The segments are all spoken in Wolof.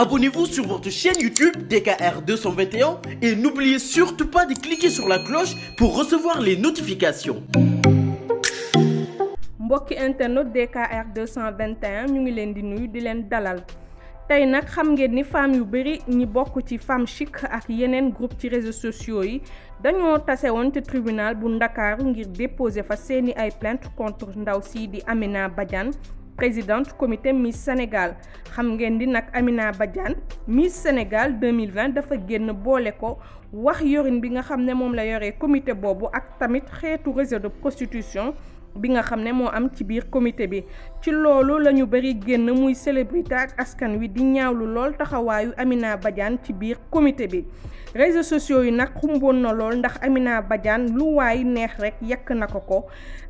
Abonnez-vous sur votre chaîne YouTube DKR et n'oubliez surtout pas de cliquer sur la cloche pour recevoir les notifications. mbokki internet DKR ñu ngi leen di nuyu di leen dalal tey nag xam ngeen ni femmes yu bëri ñi bokk ci femme chic ak yeneen groupe ci réseau sociaux yi dañoo tase woon te tribunal bu Ndakaaru ngir déposer fa seeni ay plainte contre ndaw sii di Amina Badiane présidente comité Miss Sénégal xam ngeen di nag Amina Badiane Miss Sénégal 2020 dafa génn boole ko wax yorin bi nga xam ne moom la yoree comité boobu ak tamit xeetu réseau de prostitution bi nga xam ne moo am ci biir comité bi ci loolu la ñu bëri génn muy célébrité ak askan wi di ñaawlu lool taxawaayu Amina Badiane ci biir comité bi réseaux sociaux yu nag xumboon na lool ndax Amina Badiane lu waay neex rek yàq na ko ko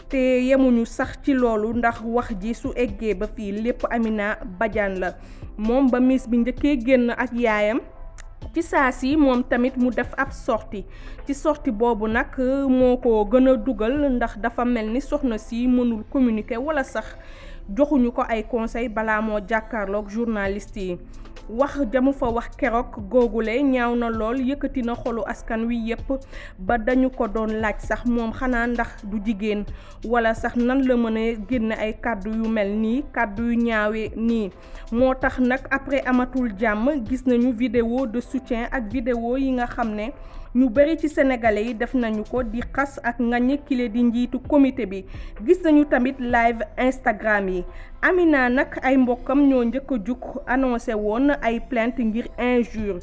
te yemuñu sax ci loolu ndax wax ji su eggee ba fii lépp Amina Badiane la moom ba miss bi njëkkee génn ak yaayam ci saa si moom tamit mu def ab soxti ci sortie boobu nag euh, moo ko gën a dugal ndax dafa mel ni soxna sii mënul communiquer wala sax joxuñu ko ay conseil balaa moo jàkkaarloog journaliste yi wax jamu fa wax keroog googule ñaaw na lool yëkkati na xolu askan wi yépp ba dañu ko doon laaj sax moom xanaa ndax du jigéen wala sax nan la mën a génne ay kàddu yu mel nii kàddu yu ñaawe nii moo tax nag après amatul jàmm gis nañu vidéo de soutien ak vidéo yi nga xam ne ñu bëri ci sénégalais yi def nañu ko di xas ak ngañ kile di njiitu comité bi gis nañu tamit live Instagram yi Amina nag ay mbokkam ñoo njëkk a jug annoncé woon ay plante ngir injure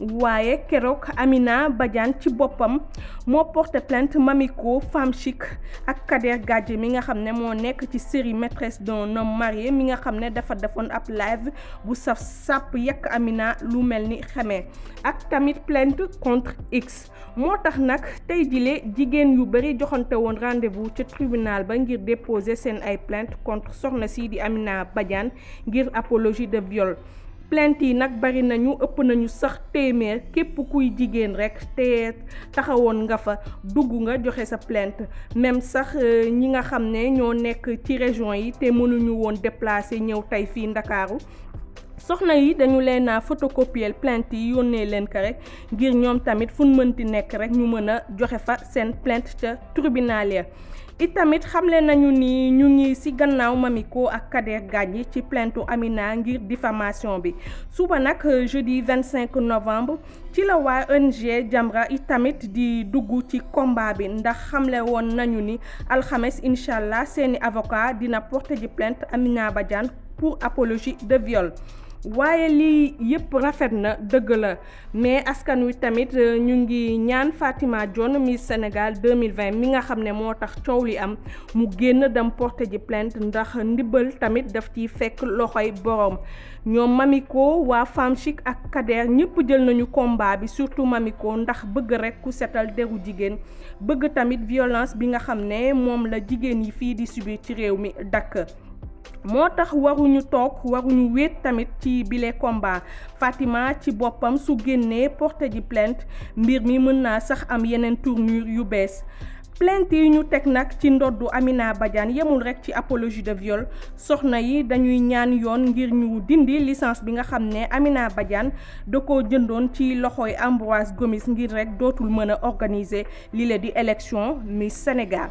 waaye keroog Amina Badiane ci boppam moo porté plainte Mamiko femme ak Kader Gadji mi nga xam ne moo nekk ci série maîtresse d'un homme marié mi nga xam ne dafa defoon ab live bu saf sàpp yekk Amina lu mel ni xamee ak tamit plainte contre X moo tax nag tey jilee jigéen yu bëri joxante woon rendez-vous ca tribunal ba ngir déposer seen ay plainte contre soxna si di Amina Badiane ngir apologie de viol plainte yi nag bari nañu ëpp nañu sax téeméer képp kuy jigéen rek te taxawoon nga fa dugg nga joxe sa plainte même sax euh, ñi nga xam ne ñoo nekk ci région yi te mënuñu woon déplacer ñëw tey fii Ndakaaru soxna yi dañu leen a photocopier plainte yi yónnee leen ko rek ngir ñoom tamit fu mënti nekk rek ñu mën a joxe fa seen plainte ca tribunal ya it tamit xamle nañu ni ñu ngi ci gannaaw Mamiko ak Kader Gadji ci plainte Amina ngir diffamation bi suba nag jeudi 25 novembre ci la waa ONG Jamra it tamit di dugg ci combat bi ndax xamle woon nañu ni alxames incha allah seeni avocat dina porter ji plainte Amina Badiane pour apologie de viol. waaye lii yëpp rafet na dëgg la mais askan wi tamit euh, ñu ngi ñaan Fatima Dione Miss Sénégal 2020 mi nga xam ne moo tax coow yi am mu génn dem porté ji plainte ndax ndibbal tamit daf ci fekk loxoy boroom ñoom Mamiko waa Femme ak Kader ñëpp jël nañu komba bi surtout Mamiko ndax bëgg rekk ku setal deru jigéen bëgg tamit violence bi nga xam ne moom la jigéen yi fii di subir ci réew mi dakk moo tax ñu toog ñu wéet tamit ci bile combat Fatima ci boppam su génnee porté ji plainte mbir mi mën naa sax am yeneen tournure yu bees plainte yi ñu teg nag ci ndoddu Amina Badiane yemul rek ci apologie de viol soxna yi dañuy ñaan yoon ngir ñu dindi licence bi nga xam ne Amina Badiane da ko jëndoon ci loxooy Ambroise Gomis ngir rek dootul mën a organiser li di élection mi Sénégal